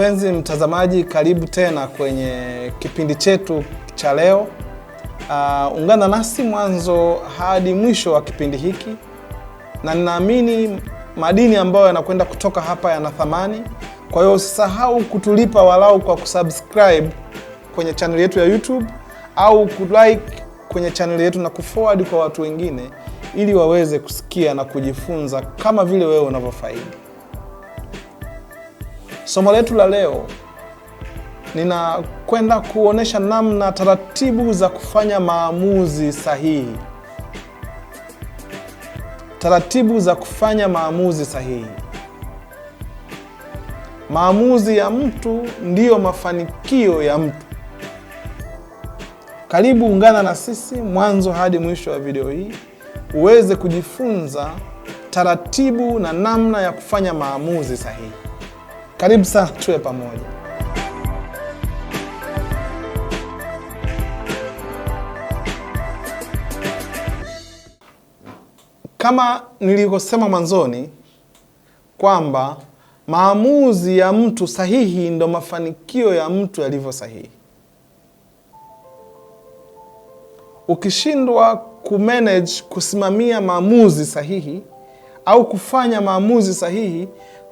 Mpenzi mtazamaji, karibu tena kwenye kipindi chetu cha leo. Uh, ungana nasi mwanzo hadi mwisho wa kipindi hiki, na ninaamini madini ambayo yanakwenda kutoka hapa yana thamani. Kwa hiyo usisahau kutulipa walau kwa kusubscribe kwenye chaneli yetu ya YouTube au kulike kwenye chaneli yetu na kuforward kwa watu wengine, ili waweze kusikia na kujifunza kama vile wewe unavyofaidi. Somo letu la leo ninakwenda kuonesha namna taratibu za kufanya maamuzi sahihi. Taratibu za kufanya maamuzi sahihi. Maamuzi ya mtu ndiyo mafanikio ya mtu. Karibu ungana na sisi mwanzo hadi mwisho wa video hii uweze kujifunza taratibu na namna ya kufanya maamuzi sahihi. Karibu sana, tuwe pamoja. Kama nilivyosema mwanzoni kwamba maamuzi ya mtu sahihi ndo mafanikio ya mtu yalivyo sahihi. Ukishindwa kumanage kusimamia maamuzi sahihi au kufanya maamuzi sahihi,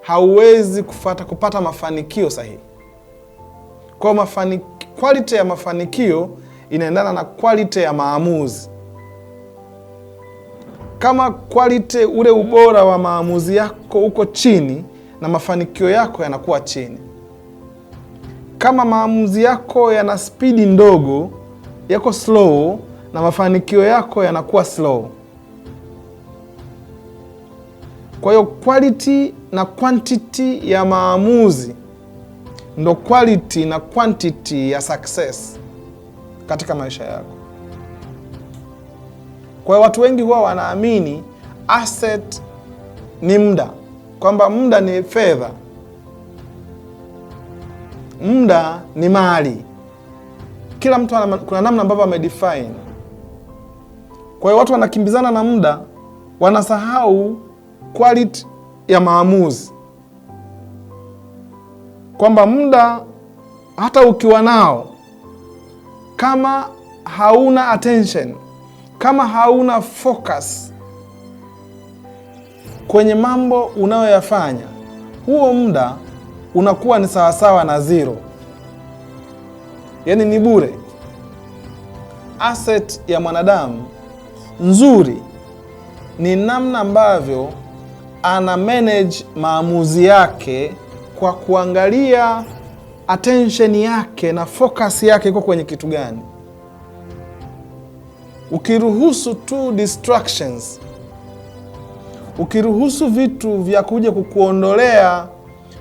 hauwezi kufata, kupata mafanikio sahihi. Kwa mafani, quality ya mafanikio inaendana na quality ya maamuzi. Kama quality, ule ubora wa maamuzi yako uko chini, na mafanikio yako yanakuwa chini. Kama maamuzi yako yana spidi ndogo, yako slow, na mafanikio yako yanakuwa slow. Kwa hiyo quality na quantity ya maamuzi ndo quality na quantity ya success katika maisha yako. Kwa hiyo watu wengi huwa wanaamini asset ni muda, kwamba muda ni fedha, muda ni mali. Kila mtu anama, kuna namna ambavyo amedefine. Kwa hiyo watu wanakimbizana na muda, wanasahau quality ya maamuzi, kwamba muda hata ukiwa nao, kama hauna attention, kama hauna focus kwenye mambo unayoyafanya, huo muda unakuwa ni sawasawa na zero, yaani ni bure. Asset ya mwanadamu nzuri ni namna ambavyo ana manage maamuzi yake kwa kuangalia attention yake na focus yake iko kwenye kitu gani. Ukiruhusu tu distractions, ukiruhusu vitu vya kuja kukuondolea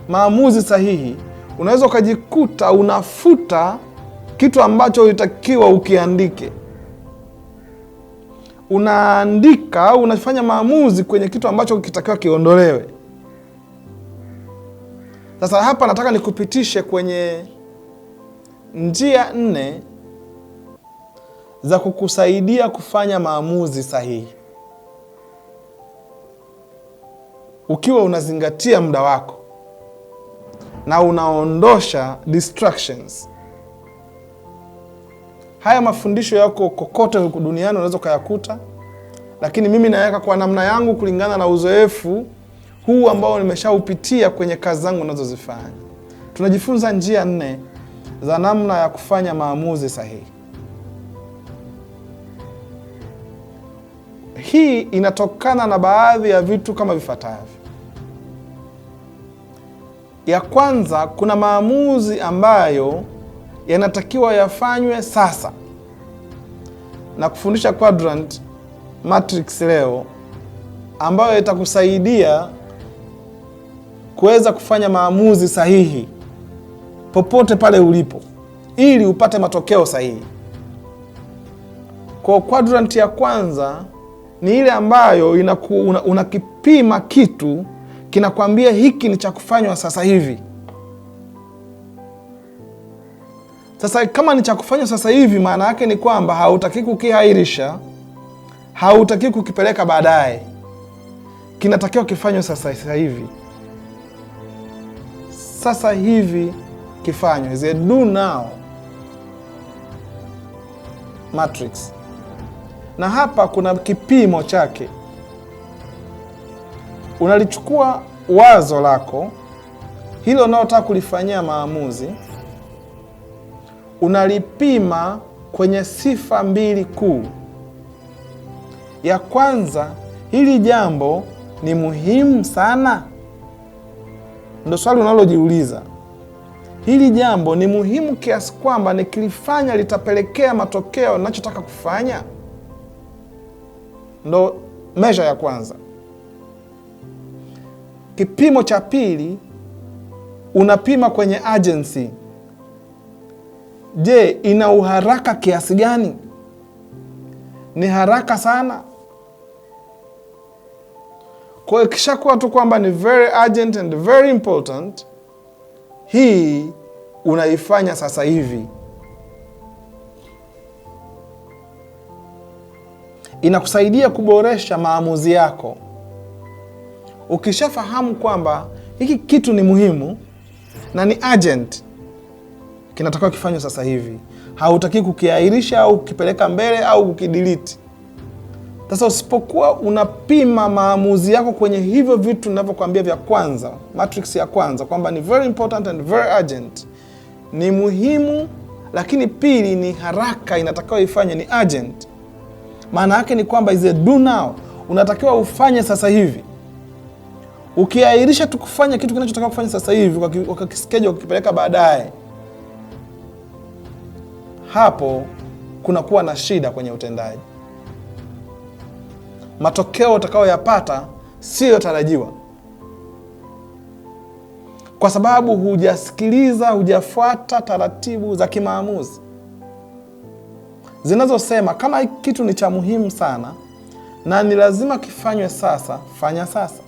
maamuzi sahihi, unaweza ukajikuta unafuta kitu ambacho ulitakiwa ukiandike unaandika au unafanya maamuzi kwenye kitu ambacho kitakiwa kiondolewe. Sasa hapa nataka nikupitishe kwenye njia nne za kukusaidia kufanya maamuzi sahihi ukiwa unazingatia muda wako na unaondosha distractions. Haya mafundisho yako kokote duniani, unaweza ukayakuta, lakini mimi naweka kwa namna yangu kulingana na uzoefu huu ambao nimeshaupitia kwenye kazi zangu ninazozifanya. Tunajifunza njia nne za namna ya kufanya maamuzi sahihi. Hii inatokana na baadhi ya vitu kama vifuatavyo. Ya kwanza, kuna maamuzi ambayo yanatakiwa yafanywe sasa. Na kufundisha quadrant matrix leo ambayo itakusaidia kuweza kufanya maamuzi sahihi popote pale ulipo ili upate matokeo sahihi. Kwa quadrant ya kwanza ni ile ambayo inaku, una, unakipima kitu kinakwambia hiki ni cha kufanywa sasa hivi. Sasa kama ni cha kufanya sasa hivi, maana yake ni kwamba hautaki kukihairisha, hautaki kukipeleka baadaye, kinatakiwa kifanywe sasa sasa hivi, sasa hivi kifanywe, is do now matrix. Na hapa kuna kipimo chake, unalichukua wazo lako hilo unaotaka kulifanyia maamuzi unalipima kwenye sifa mbili kuu. Ya kwanza, hili jambo ni muhimu sana? Ndo swali unalojiuliza. Hili jambo ni muhimu kiasi kwamba nikilifanya litapelekea matokeo ninachotaka kufanya? Ndo mesha ya kwanza. Kipimo cha pili unapima kwenye agency Je, ina uharaka kiasi gani? Ni haraka sana? Kwa hiyo ikishakuwa tu kwamba ni very urgent and very important, hii unaifanya sasa hivi, inakusaidia kuboresha maamuzi yako. Ukishafahamu kwamba hiki kitu ni muhimu na ni urgent kinatakiwa kifanywe sasa hivi. Hautaki kukiahirisha au kukipeleka mbele au kukidiliti Sasa usipokuwa unapima maamuzi yako kwenye hivyo vitu ninavyokuambia vya kwanza, matrix ya kwanza kwamba ni very important and very urgent, ni muhimu lakini pili ni haraka, inatakiwa ifanywe, ni urgent. Maana yake ni kwamba is a do now, unatakiwa ufanye sasa hivi. Ukiahirisha tu kufanya kitu kinachotakiwa kufanya sasa hivi, ukakiskejwa ukakipeleka baadaye, hapo kunakuwa na shida kwenye utendaji. Matokeo utakayoyapata siyo tarajiwa, kwa sababu hujasikiliza, hujafuata taratibu za kimaamuzi zinazosema kama kitu ni cha muhimu sana na ni lazima kifanywe sasa, fanya sasa.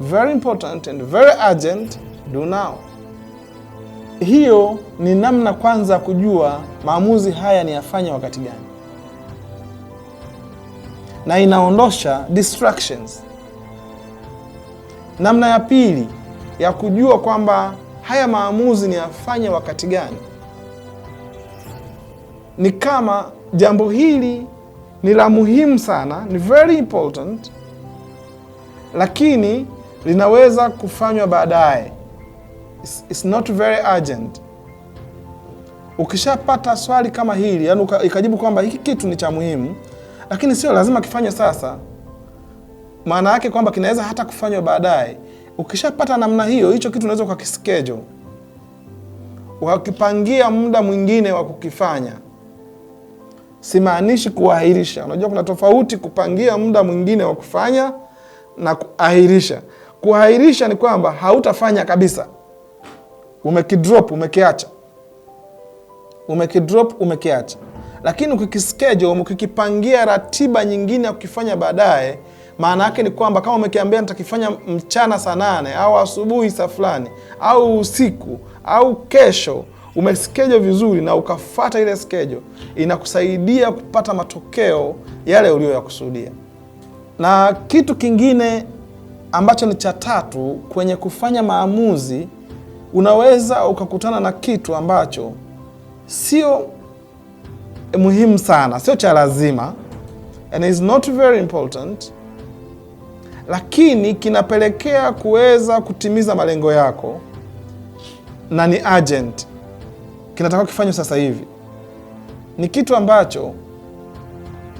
Very important and very urgent, do now hiyo ni namna kwanza ya kujua maamuzi haya ni yafanya wakati gani, na inaondosha distractions. Namna ya pili ya kujua kwamba haya maamuzi ni yafanya wakati gani ni kama jambo hili ni la muhimu sana, ni very important, lakini linaweza kufanywa baadaye it's, it's not very urgent. Ukishapata swali kama hili, yani ikajibu kwamba hiki kitu ni cha muhimu, lakini sio lazima kifanywe sasa, maana yake kwamba kinaweza hata kufanywa baadaye. Ukishapata namna hiyo, hicho kitu unaweza ukakischedule, wakipangia muda mwingine wa kukifanya. Simaanishi kuahirisha. Unajua kuna tofauti kupangia muda mwingine wa kufanya na kuahirisha. Kuahirisha ni kwamba hautafanya kabisa umekidrop umekiacha, umekidrop umekiacha. Lakini ukikischedule, ukikipangia ratiba nyingine ya kukifanya baadaye, maana yake ni kwamba kama umekiambia nitakifanya mchana saa nane au asubuhi saa fulani au usiku au kesho, umeskejo vizuri na ukafata ile skejo inakusaidia kupata matokeo yale uliyoyakusudia. Na kitu kingine ambacho ni cha tatu kwenye kufanya maamuzi unaweza ukakutana na kitu ambacho sio muhimu sana, sio cha lazima and is not very important, lakini kinapelekea kuweza kutimiza malengo yako na ni urgent, kinataka kifanywe sasa hivi. Ni kitu ambacho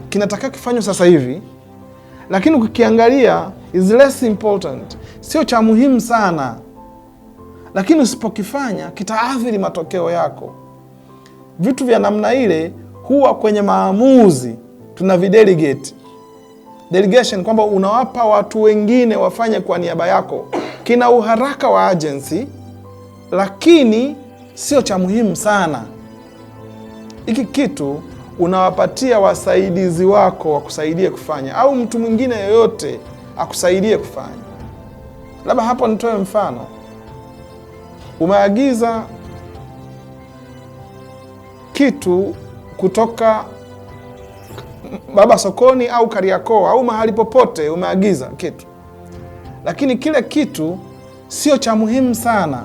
kinataka kifanywe sasa hivi, lakini ukikiangalia is less important, sio cha muhimu sana lakini usipokifanya kitaathiri matokeo yako. Vitu vya namna ile huwa kwenye maamuzi tuna videlegate delegation, kwamba unawapa watu wengine wafanye kwa niaba yako. Kina uharaka wa agency, lakini sio cha muhimu sana. Hiki kitu unawapatia wasaidizi wako wakusaidie kufanya, au mtu mwingine yoyote akusaidie kufanya. Labda hapo nitoe mfano umeagiza kitu kutoka baba sokoni au Kariakoo au mahali popote, umeagiza kitu, lakini kile kitu sio cha muhimu sana,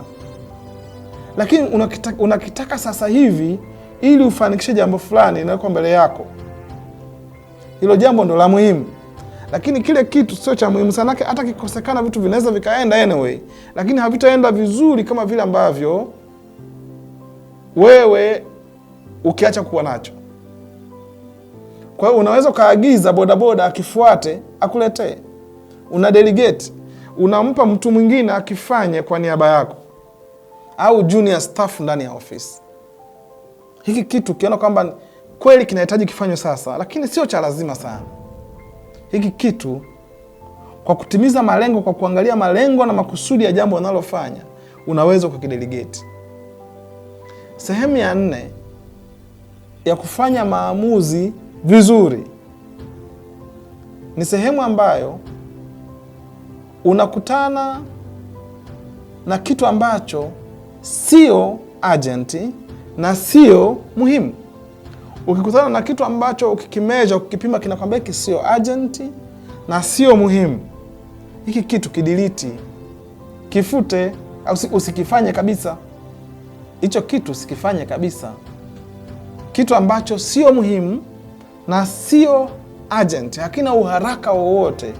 lakini unakitaka, unakitaka sasa hivi ili ufanikishe jambo fulani inawekwa mbele yako. Hilo jambo ndo la muhimu lakini kile kitu sio cha muhimu sana, hata kikosekana vitu vinaweza vikaenda anyway, lakini havitaenda vizuri kama vile ambavyo wewe ukiacha kuwa nacho. Kwa hiyo unaweza ukaagiza bodaboda akifuate akuletee, una delegate, unampa mtu mwingine akifanye kwa niaba yako, au junior staff ndani ya ofisi. Hiki kitu ukiona kwamba kweli kinahitaji kifanywe sasa, lakini sio cha lazima sana hiki kitu kwa kutimiza malengo, kwa kuangalia malengo na makusudi ya jambo unalofanya, unaweza ukakidelegeti. Sehemu ya nne ya kufanya maamuzi vizuri ni sehemu ambayo unakutana na kitu ambacho sio ajenti na sio muhimu. Ukikutana na kitu ambacho ukikimeja, ukikipima, kinakwambia hiki sio urgent na sio muhimu, hiki kitu kidiliti, kifute, usikifanye kabisa. Hicho kitu usikifanye kabisa, kitu ambacho sio muhimu na sio urgent, hakina uharaka wowote,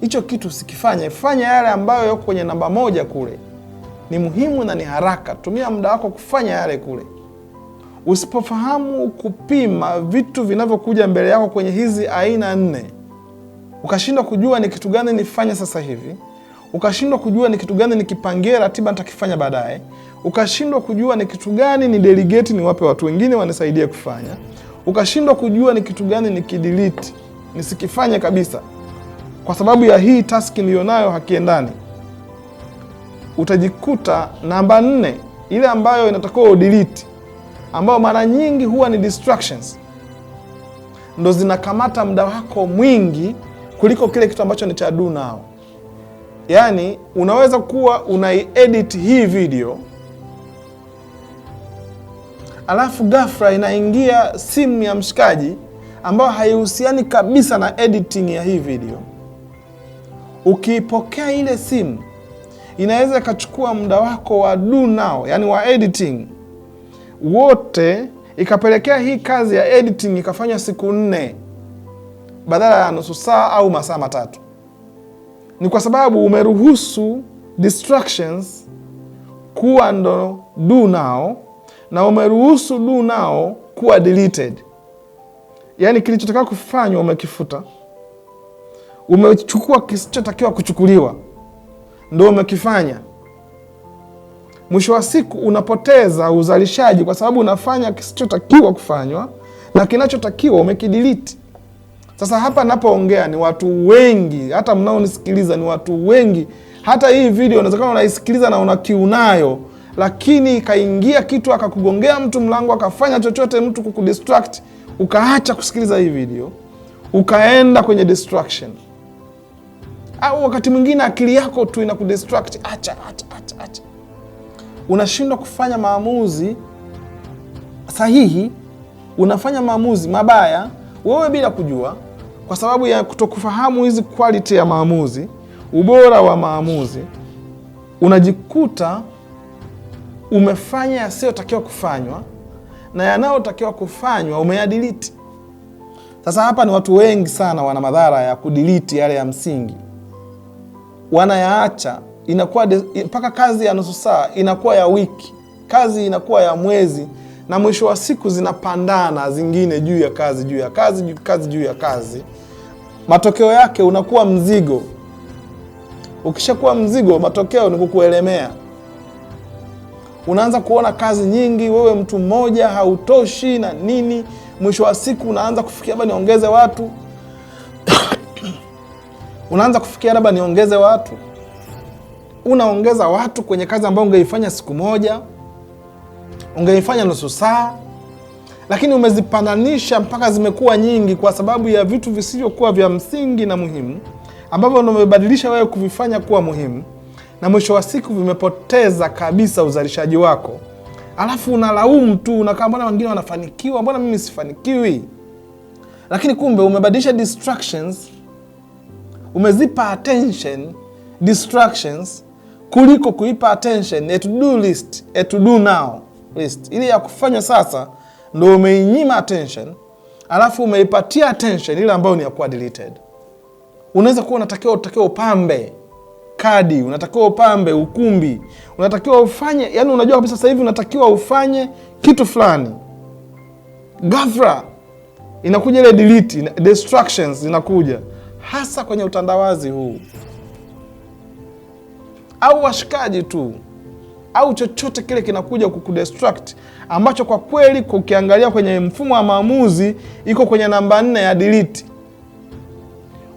hicho kitu usikifanye. Fanya yale ambayo yako kwenye namba moja, kule ni muhimu na ni haraka. Tumia muda wako kufanya yale kule. Usipofahamu kupima vitu vinavyokuja mbele yako kwenye hizi aina nne, ukashindwa kujua ni kitu gani nifanye sasa hivi, ukashindwa kujua ni kitu gani nikipangie ratiba nitakifanya baadaye, ukashindwa kujua ni kitu gani ni delegate niwape watu wengine wanisaidie kufanya, ukashindwa kujua ni kitu gani nikidelete nisikifanye kabisa kwa sababu ya hii task niliyonayo hakiendani, utajikuta namba nne ile ambayo inatakiwa udelete ambayo mara nyingi huwa ni distractions ndo zinakamata muda wako mwingi kuliko kile kitu ambacho ni cha do now. Yaani unaweza kuwa unaiedit hii video alafu ghafla inaingia simu ya mshikaji ambayo haihusiani kabisa na editing ya hii video. Ukiipokea ile simu inaweza ikachukua muda wako wa do now, yani wa editing wote, ikapelekea hii kazi ya editing ikafanya siku nne badala ya nusu saa au masaa matatu. Ni kwa sababu umeruhusu distractions kuwa ndo do nao na umeruhusu do nao kuwa deleted. Yaani kilichotakiwa kufanywa umekifuta, umechukua kisichotakiwa kuchukuliwa, ndo umekifanya mwisho wa siku unapoteza uzalishaji kwa sababu unafanya kisichotakiwa kufanywa na kinachotakiwa umekidiliti. Sasa hapa napoongea ni watu wengi, hata mnaonisikiliza ni watu wengi. Hata hii video unawezekana unaisikiliza na unakiunayo, lakini ikaingia kitu akakugongea mtu mlango akafanya chochote mtu kukudistract, ukaacha kusikiliza hii video ukaenda kwenye destruction. Au wakati mwingine akili yako tu inakudistract. Acha, acha, acha, acha unashindwa kufanya maamuzi sahihi, unafanya maamuzi mabaya wewe bila kujua, kwa sababu ya kutokufahamu hizi quality ya maamuzi, ubora wa maamuzi, unajikuta umefanya yasiyotakiwa kufanywa na yanayotakiwa kufanywa umeyadiliti. Sasa hapa ni watu wengi sana wana madhara ya kudiliti yale ya msingi, wanayaacha inakuwa mpaka kazi ya nusu saa inakuwa ya wiki, kazi inakuwa ya mwezi, na mwisho wa siku zinapandana zingine juu ya kazi juu ya kazi juu ya kazi juu ya kazi. Matokeo yake unakuwa mzigo. Ukishakuwa mzigo, matokeo ni kukuelemea. Unaanza kuona kazi nyingi, wewe mtu mmoja hautoshi na nini. Mwisho wa siku unaanza kufikia labda niongeze watu unaanza kufikia labda niongeze watu unaongeza watu kwenye kazi ambayo ungeifanya siku moja, ungeifanya nusu saa, lakini umezipananisha mpaka zimekuwa nyingi kwa sababu ya vitu visivyokuwa vya msingi na muhimu ambavyo umebadilisha wewe kuvifanya kuwa muhimu, na mwisho wa siku vimepoteza kabisa uzalishaji wako. Alafu unalaumu tu, unakaa, mbona wengine wanafanikiwa, mbona mimi sifanikiwi? Lakini kumbe umebadilisha distractions, umezipa attention distractions kuliko kuipa attention a to do list, a to do now list ile ya kufanya sasa, ndo umeinyima attention alafu umeipatia attention ile ambayo ni ya kuwa deleted. Unaweza kuwa unatakiwa utakiwa upambe kadi, unatakiwa upambe ukumbi, unatakiwa ufanye, yani unajua kabisa sasa hivi unatakiwa ufanye kitu fulani, ghafla inakuja ile delete, destructions inakuja, hasa kwenye utandawazi huu au washikaji tu au chochote kile kinakuja kukudestruct ambacho kwa kweli ukiangalia kwenye mfumo wa maamuzi iko kwenye namba nne ya delete.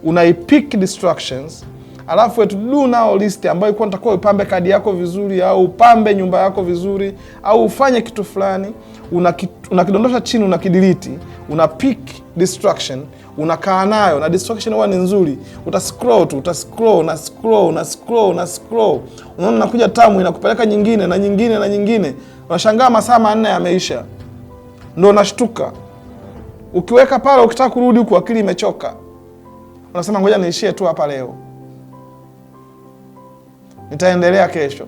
Unaipick distractions, alafu wetu to do now list ambayo ilikuwa nitakuwa upambe kadi yako vizuri au upambe nyumba yako vizuri au ufanye kitu fulani, unakidondosha una chini, unakidelete, una pick distraction unakaa nayo, na distraction huwa ni nzuri. Utascroll tu utascroll na scroll na scroll na scroll, unaona nakuja tamu inakupeleka nyingine na nyingine na nyingine, unashangaa masaa manne yameisha, ndo nashtuka. Ukiweka pale, ukitaka kurudi huku, akili imechoka, unasema ngoja niishie tu hapa leo, nitaendelea kesho.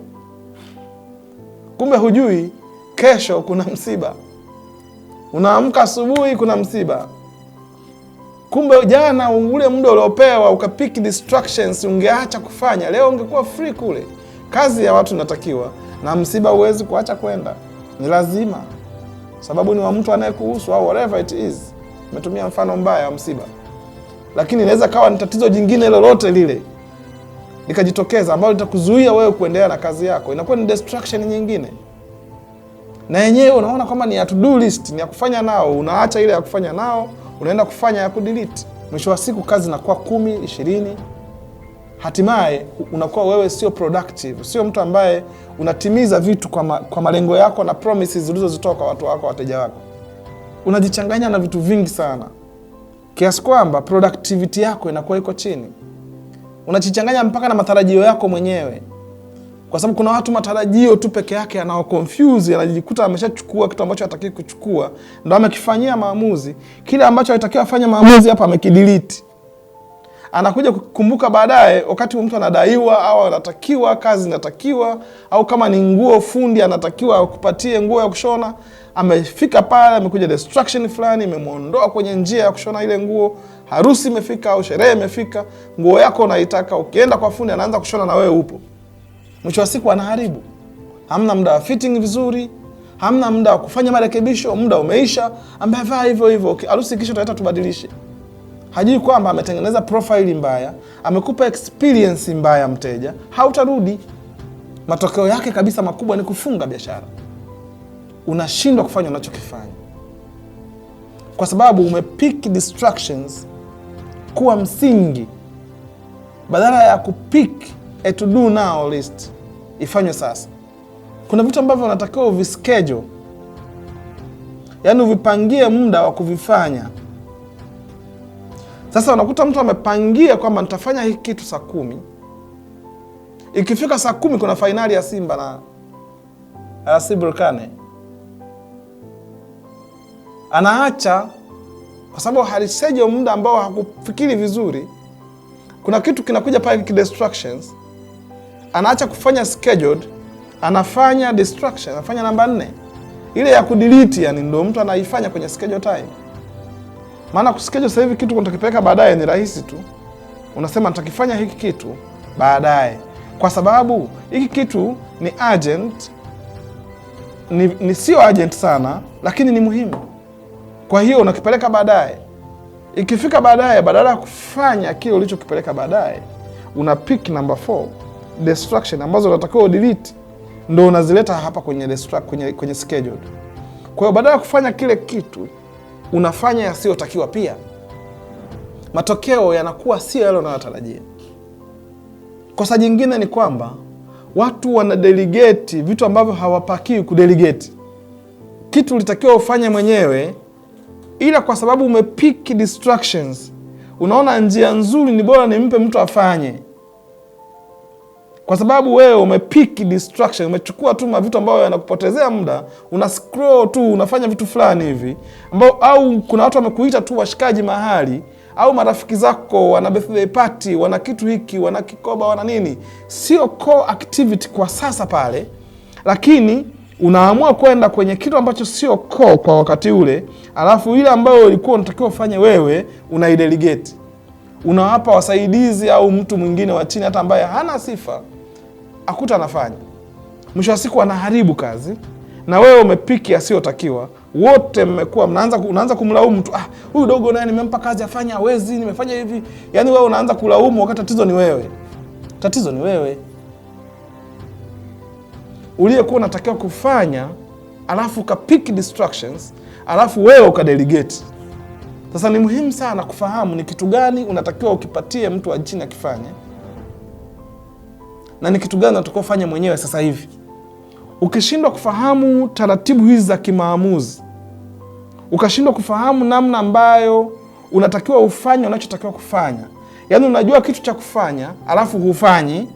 Kumbe hujui kesho kuna msiba. Unaamka asubuhi, kuna msiba. Kumbe jana ule muda uliopewa ukapick distractions, ungeacha kufanya, leo ungekuwa free kule. Kazi ya watu inatakiwa, na msiba huwezi kuacha kwenda, ni lazima, sababu ni wa mtu anayekuhusu au whatever it is. Umetumia mfano mbaya wa msiba, lakini inaweza kawa ni tatizo jingine lolote lile likajitokeza ambalo litakuzuia wewe kuendelea na kazi yako, inakuwa ni distraction nyingine, na yenyewe unaona kwamba ni ya to do list, ni ya kufanya nao, unaacha ile ya kufanya nao unaenda kufanya ya kudelete. Mwisho wa siku kazi inakuwa kumi, ishirini, hatimaye unakuwa wewe sio productive, sio mtu ambaye unatimiza vitu kwa, ma, kwa malengo yako na promises zilizozitoa kwa watu wako, wateja wako. Unajichanganya na vitu vingi sana kiasi kwamba productivity yako inakuwa iko chini, unajichanganya mpaka na matarajio yako mwenyewe kwa sababu kuna watu matarajio tu peke yake anawa confuse, anajikuta ameshachukua kitu ambacho hataki kuchukua, ndo amekifanyia maamuzi. Kile ambacho alitakiwa afanye maamuzi hapa amekidelete, anakuja kukumbuka baadaye, wakati mtu anadaiwa au anatakiwa kazi, inatakiwa au kama ni nguo, fundi anatakiwa akupatie nguo ya kushona, amefika pale, amekuja destruction fulani imemwondoa kwenye njia ya kushona ile nguo. Harusi imefika au sherehe imefika, nguo yako unaitaka, ukienda kwa fundi anaanza kushona na wewe upo mwisho wa siku anaharibu. Hamna muda wa fitting vizuri, hamna muda wa kufanya marekebisho, muda umeisha. Amevaa hivyo hivyo, harusi kisha tunaita tubadilishe. Hajui kwamba ametengeneza profile mbaya, amekupa experience mbaya mteja, hautarudi. Matokeo yake kabisa makubwa ni kufunga biashara. Unashindwa kufanya unachokifanya kwa sababu umepick distractions kuwa msingi badala ya kupick a to do now list ifanywe sasa. Kuna vitu ambavyo unatakiwa uvischedule, yaani uvipangie muda wa kuvifanya. Sasa unakuta mtu amepangia kwamba nitafanya hiki kitu saa kumi, ikifika saa kumi kuna fainali ya Simba na RS Berkane, anaacha kwa sababu halisejo muda ambao hakufikiri vizuri. Kuna kitu kinakuja pale kidestructions anaacha kufanya scheduled, anafanya destruction, anafanya namba nne ile ya kudelete, yani ndio mtu anaifanya kwenye schedule time. Maana kuschedule sasa hivi kitu utakipeleka baadaye ni rahisi tu, unasema nitakifanya hiki kitu baadaye, kwa sababu hiki kitu ni urgent, ni, ni sio urgent sana, lakini ni muhimu, kwa hiyo unakipeleka baadaye. Ikifika baadaye, badala ya kufanya kile ulichokipeleka baadaye, una pick number destruction ambazo unatakiwa udelete ndo unazileta hapa kwenye destruct, kwenye, kwenye schedule. Kwa hiyo badala ya kufanya kile kitu unafanya yasiyotakiwa pia, matokeo yanakuwa sio yale unayotarajia. Kosa jingine ni kwamba watu wanadelegate vitu ambavyo hawapakii kudelegate. Kitu ulitakiwa ufanye mwenyewe, ila kwa sababu umepiki distractions, unaona njia nzuri ni bora nimpe mtu afanye kwa sababu wewe umepiki distraction, umechukua tu mavitu ambayo yanakupotezea muda, una scroll tu, unafanya vitu fulani hivi ambao, au kuna watu wamekuita tu washikaji mahali au marafiki zako wana birthday party, wana kitu hiki, wana kikoba, wana nini, sio core activity kwa sasa pale, lakini unaamua kwenda kwenye kitu ambacho sio core kwa wakati ule, alafu ile ambayo ulikuwa unatakiwa ufanye wewe unaidelegate, unawapa wasaidizi au mtu mwingine wa chini, hata ambaye hana sifa akuta anafanya, mwisho wa siku anaharibu kazi, na wewe umepiki asiyotakiwa. Wote mmekuwa mnaanza, unaanza kumlaumu mtu, ah, huyu dogo naye nimempa kazi afanye, hawezi, nimefanya hivi. Yani wewe unaanza kulaumu wakati tatizo ni wewe, tatizo ni wewe uliyekuwa unatakiwa kufanya, alafu ukapiki distractions, alafu wewe ukadelegate. Sasa ni muhimu sana kufahamu ni kitu gani unatakiwa ukipatie mtu wa chini akifanye na ni kitu gani atakofanya mwenyewe sasa hivi. Ukishindwa kufahamu taratibu hizi za kimaamuzi, ukashindwa kufahamu namna ambayo unatakiwa ufanye unachotakiwa kufanya, yaani unajua kitu cha kufanya alafu hufanyi,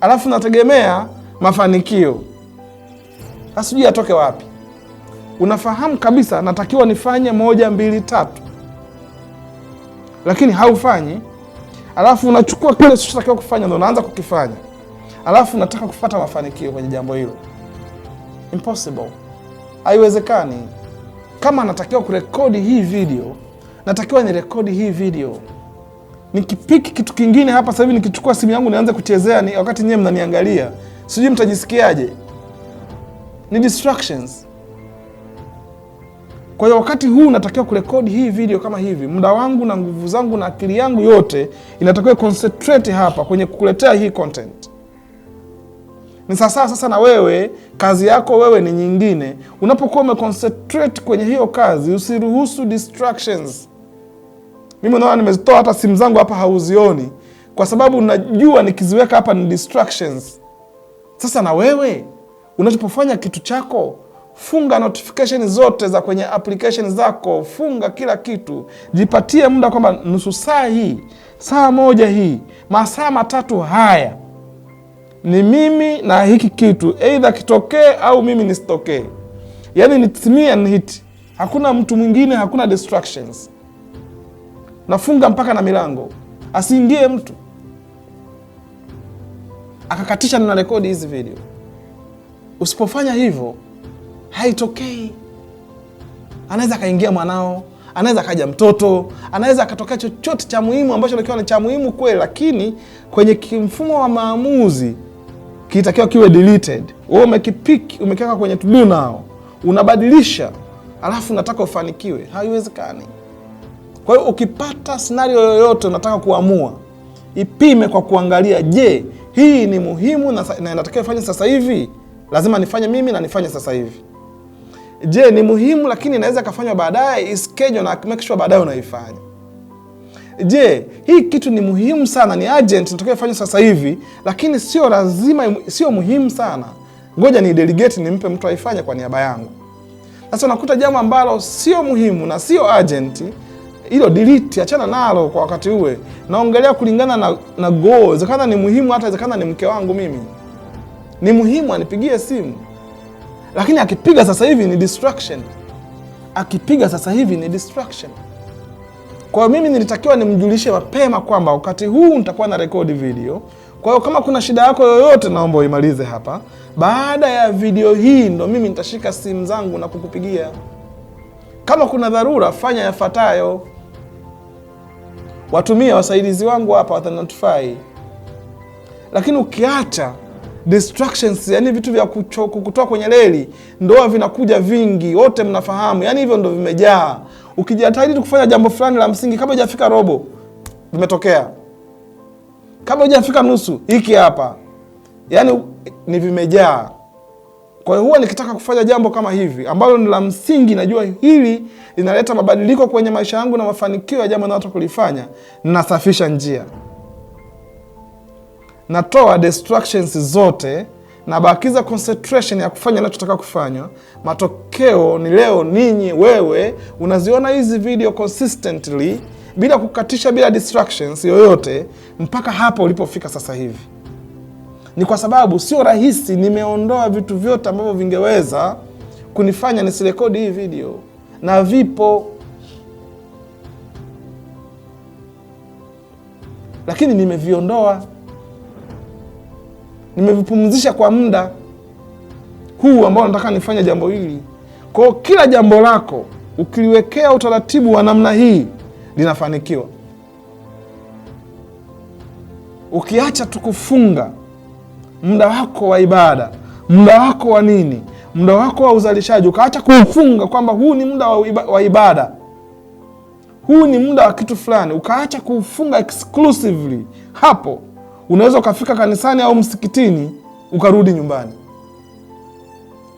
alafu unategemea mafanikio, asijui atoke wapi. Unafahamu kabisa natakiwa nifanye moja, mbili, tatu, lakini haufanyi, alafu unachukua kile usichotakiwa kufanya ndo unaanza kukifanya alafu nataka kupata mafanikio kwenye jambo hilo. Impossible, haiwezekani. Kama natakiwa kurekodi hii video, natakiwa nirekodi hii video nikipiki kitu kingine hapa sasa hivi, nikichukua simu yangu nianze kuchezea ni, wakati nyewe mnaniangalia, sijui mtajisikiaje? Ni distractions. Kwa hiyo wakati huu natakiwa kurekodi hii video kama hivi, muda wangu na nguvu zangu na akili yangu yote inatakiwa concentrate hapa kwenye kukuletea hii content ni sawasawa. Sasa na wewe kazi yako wewe ni nyingine, unapokuwa umeconcentrate kwenye hiyo kazi usiruhusu distractions. Mimi naona nimezitoa hata simu zangu hapa, hauzioni kwa sababu najua nikiziweka hapa ni distractions. Sasa na wewe unachopofanya kitu chako funga notification zote za kwenye application zako, funga kila kitu, jipatie muda kwamba nusu saa hii, saa moja hii, masaa matatu haya ni mimi na hiki kitu, eidha kitokee au mimi nisitokee. Yani it's me and it, hakuna mtu mwingine, hakuna distractions. Nafunga mpaka na milango, asiingie mtu akakatisha. Nina rekodi hizi video. Usipofanya hivyo haitokei. Anaweza akaingia mwanao, anaweza akaja mtoto, anaweza akatokea chochote cha muhimu ambacho nakiwa ni cha muhimu kweli, lakini kwenye kimfumo wa maamuzi kitakiwa kiwe deleted. Wewe umekipick umekiweka kwenye to do now, unabadilisha alafu unataka ufanikiwe, haiwezekani. Kwa hiyo ukipata scenario yoyote unataka kuamua, ipime kwa kuangalia, je, hii ni muhimu na, na natakiwa ifanye sasa hivi, lazima nifanye mimi na nifanye sasa hivi. Je, ni muhimu lakini inaweza ikafanywa baadaye, iskejo na make sure baadaye unaifanya. Je, hii kitu ni muhimu sana, ni agent natakiwa ifanye sasa hivi, lakini sio lazima, sio muhimu sana, ngoja ni delegate, nimpe mtu aifanye kwa niaba yangu. Sasa unakuta jambo ambalo sio muhimu na sio agent, hilo delete, achana nalo kwa wakati ule. Naongelea kulingana na, na goal. Kana ni muhimu, hata kana ni mke wangu mimi ni muhimu anipigie simu, lakini akipiga sasa hivi ni distraction. Akipiga sasa hivi ni distraction. Kwa hiyo mimi nilitakiwa nimjulishe mapema kwamba wakati huu nitakuwa na rekodi video. Kwa hiyo kama kuna shida yako yoyote, naomba uimalize hapa. Baada ya video hii ndo mimi nitashika simu zangu na kukupigia. Kama kuna dharura, fanya yafuatayo. Watumia wasaidizi wangu hapa, watanotify. Lakini ukiacha distractions, yani vitu vya kutoa kwenye reli, ndoa vinakuja vingi, wote mnafahamu, yani hivyo ndo vimejaa ukijitahidi kufanya jambo fulani la msingi, kabla hujafika robo, vimetokea. Kabla hujafika nusu, hiki hapa, yaani ni vimejaa. Kwa hiyo huwa nikitaka kufanya jambo kama hivi ambalo ni la msingi, najua hili linaleta mabadiliko kwenye maisha yangu na mafanikio ya jambo watu kulifanya, nasafisha njia, natoa distractions zote na bakiza concentration ya kufanya nachotaka kufanya. Matokeo ni leo, ninyi wewe unaziona hizi video consistently bila kukatisha, bila distractions yoyote, mpaka hapo ulipofika sasa hivi. Ni kwa sababu sio rahisi. Nimeondoa vitu vyote ambavyo vingeweza kunifanya nisirekodi hii video na vipo, lakini nimeviondoa nimevipumzisha kwa muda huu ambao nataka nifanye jambo hili. Kwa hiyo kila jambo lako ukiliwekea utaratibu wa namna hii linafanikiwa. Ukiacha tu kufunga muda wako wa ibada, muda wako wa nini, muda wako wa uzalishaji, ukaacha kufunga kwamba huu ni muda wa ibada, huu ni muda wa kitu fulani, ukaacha kufunga exclusively hapo unaweza ukafika kanisani au msikitini ukarudi nyumbani.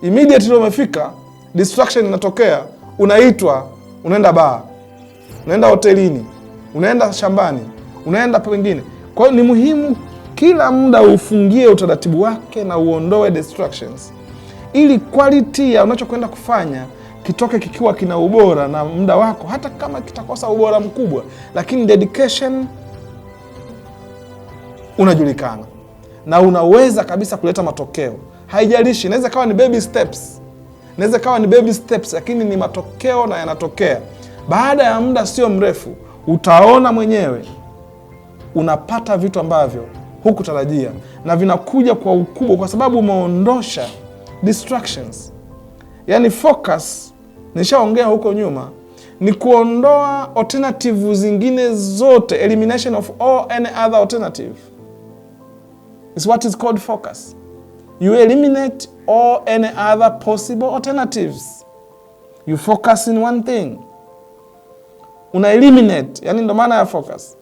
Immediately umefika, distraction inatokea, unaitwa, unaenda baa, unaenda hotelini, unaenda shambani, unaenda pengine. Kwa hiyo ni muhimu kila muda ufungie utaratibu wake na uondoe distractions, ili quality ya unachokwenda kufanya kitoke kikiwa kina ubora na muda wako, hata kama kitakosa ubora mkubwa, lakini dedication unajulikana na unaweza kabisa kuleta matokeo. Haijalishi, inaweza kawa ni baby steps, inaweza kawa ni baby steps, lakini ni matokeo na yanatokea. Baada ya muda sio mrefu, utaona mwenyewe unapata vitu ambavyo hukutarajia na vinakuja kwa ukubwa, kwa sababu umeondosha distractions. Yani focus, nishaongea huko nyuma, ni kuondoa alternative zingine zote, elimination of all any other alternative is what is called focus. You eliminate all any other possible alternatives. You focus in one thing. Una eliminate, yani ndo maana ya focus.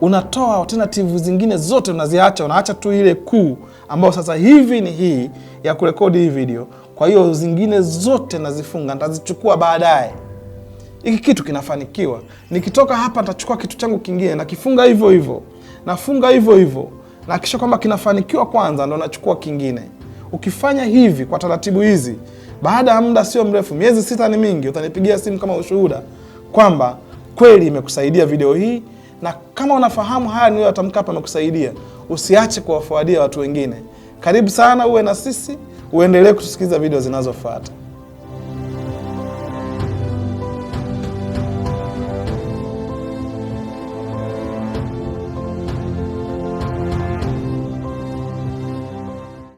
Unatoa alternative zingine zote unaziacha, unaacha tu ile kuu ambayo sasa hivi ni hii ya kurekodi hii video. Kwa hiyo zingine zote nazifunga, nitazichukua baadaye hiki kitu kinafanikiwa. Nikitoka hapa nitachukua kitu changu kingine, nakifunga hivyo hivyo, nafunga hivyo hivyo, nakisha kwamba kinafanikiwa kwanza, ndo nachukua kingine. Ukifanya hivi kwa taratibu hizi, baada ya muda sio mrefu, miezi sita ni mingi, utanipigia simu kama ushuhuda kwamba kweli imekusaidia video hii, na kama unafahamu haya niliyoyatamka hapa imekusaidia, usiache kuwafuadia watu wengine. Karibu sana, uwe na sisi, uendelee kutusikiliza video zinazofuata.